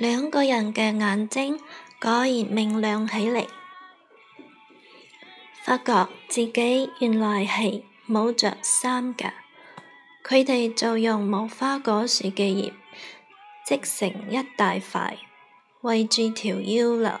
兩個人嘅眼睛果然明亮起嚟，發覺自己原來係冇着衫㗎。佢哋就用無花果樹嘅葉織成一大塊，圍住條腰嘞。